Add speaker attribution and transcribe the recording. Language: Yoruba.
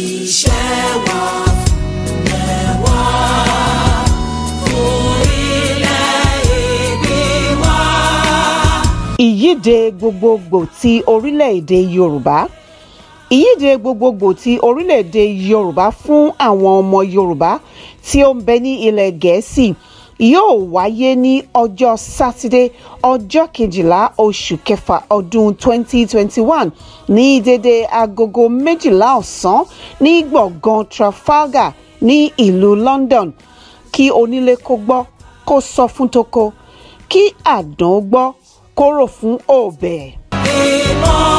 Speaker 1: iṣẹ́ wa lẹ́wà
Speaker 2: orílẹ̀ èdè wa. ìyíde
Speaker 3: gbogbogbò ti orílẹ̀-èdè Yorùbá ìyíde gbogbogbò ti orílẹ̀-èdè Yorùbá fún àwọn ọmọ Yorùbá tí ó ń bẹ ní ilẹ̀ Gẹ̀ẹ́sì yóò wáyé ní ọjọ́ sátidé ọjọ́ kejìlá oṣù kẹfà ọdún 2021 ní dédé agogo méjìlá ọ̀sán ní gbọ̀ngàn Trafalgar ní ìlú London kí onílé kó gbọ́ kó sọ fún toko kí àdán gbọ́ kó rò fún òbẹ̀.
Speaker 4: ìbọn.